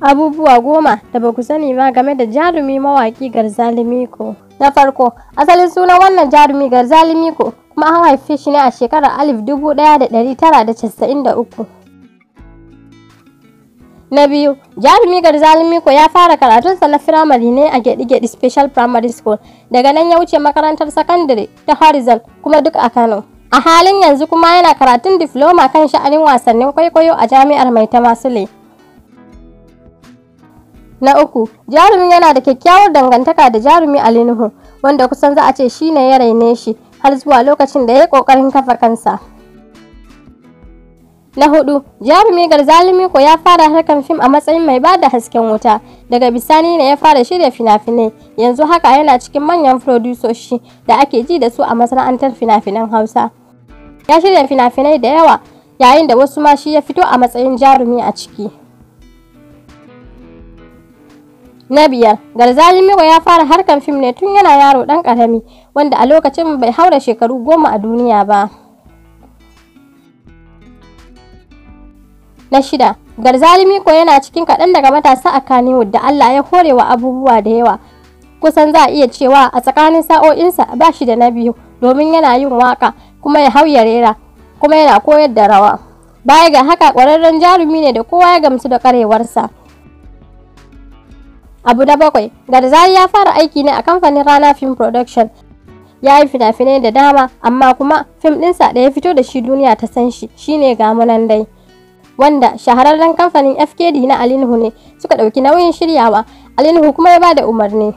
abubuwa goma da ba ku sani ba game da jarumi mawaƙi garzalimiko Na farko, asalin sunan wannan jarumi garzalimiko Miko kuma an haife shi ne a shekarar 1993. Na biyu, jarumi garzalimiko Miko ya fara karatunsa na firamare ne a Gedi-Gedi Special Primary School, daga nan ya wuce makarantar sakandare ta Horizon kuma duk a Kano. A halin yanzu kuma yana karatun difloma kan sha'anin wasannin kwaikwayo a jami'ar mai ta masu Sule. Na uku, jarumin yana da kyakkyawar dangantaka da jarumi Ali Nuhu, wanda kusan za a ce shi ne ya raine shi har zuwa lokacin da ya yi ƙoƙarin kafa kansa. Na hudu, jarumi Garzalimi ko ya fara harkan fim a matsayin mai bada hasken wuta, daga bisani ne ya fara shirya fina-finai, yanzu haka yana cikin manyan furodusoshi da ake ji da su a masana'antar fina-finan Hausa. Ya shirya fina-finai da yawa, yayin da wasu ma shi ya fito a matsayin jarumi a ciki. Na biyar, Garzali miko ya fara harkar fim ne tun yana yaro ɗan ƙarami, wanda a lokacin bai haura shekaru goma a duniya ba. Na shida, Garzali Miko yana cikin kaɗan daga matasa a Kannywood da Allah ya hore wa abubuwa da yawa. Kusan za a iya cewa a tsakanin sa'o'insa ba shi da na biyu domin yana yin waƙa kuma ya hau ya rera kuma yana koyar da rawa. Baya ga haka ƙwararren jarumi ne da kowa ya gamsu da ƙarewarsa. abu na bakwai garzari ya fara aiki ne a kamfanin rana film production ya yi fina-finai da dama amma kuma fim ɗinsa da ya fito da shi duniya ta san shi shine gamunan dai wanda shahararren kamfanin fkd na alinhu ne suka ɗauki nauyin shiryawa alinhu kuma ya bada umarni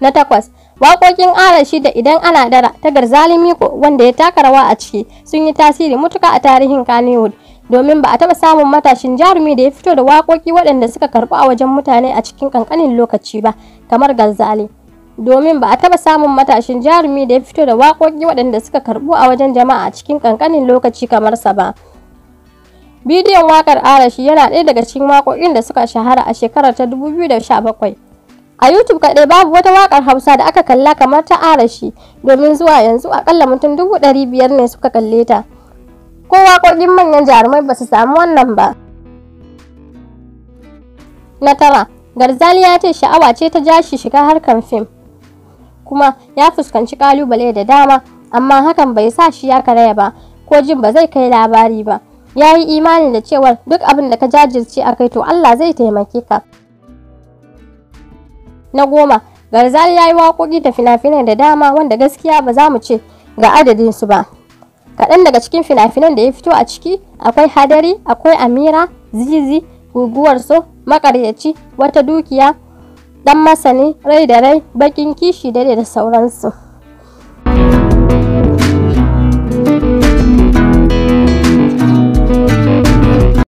na takwas waƙoƙin arashi da idan ana dara ta garzali miko wanda ya taka rawa a ciki sun yi tasiri mutuka a tarihin kannywood domin ba a taɓa samun matashin jarumi da ya fito da wakoki waɗanda suka karɓu a wajen mutane a cikin ƙanƙanin lokaci ba kamar garzali domin ba a taɓa samun matashin jarumi da ya fito da waƙoƙi waɗanda suka karɓu a wajen jama'a a cikin ƙanƙanin lokaci kamar sa ba bidiyon waƙar arashi yana ɗaya daga cikin waƙoƙin da suka shahara a shekarar ta 2017 A YouTube kaɗai babu wata wakar Hausa da aka kalla kamar ta arashi domin zuwa yanzu akalla mutum dubu ɗari biyar ne suka kalle ta. ko waƙoƙin manyan jarumai ba su samu wannan ba. Na tara, Garzali ya ce sha'awa ce ta jashi shiga harkar fim, kuma ya fuskanci ƙalubale da dama, amma hakan bai sa shi ya karaya ba, ko jin ba zai kai labari ba. Ya yi imani da cewar duk abin da ka jajirce a kai to Allah zai taimake ka. Na goma, Garzali ya yi waƙoƙi da fina-finai da dama wanda gaskiya ba za mu ce ga adadinsu ba. kaɗan daga cikin fina-finan da ya fito a ciki akwai hadari akwai amira zizi guguwar so makaryaci wata dukiya ɗan masani rai da rai bakin kishi da da sauransu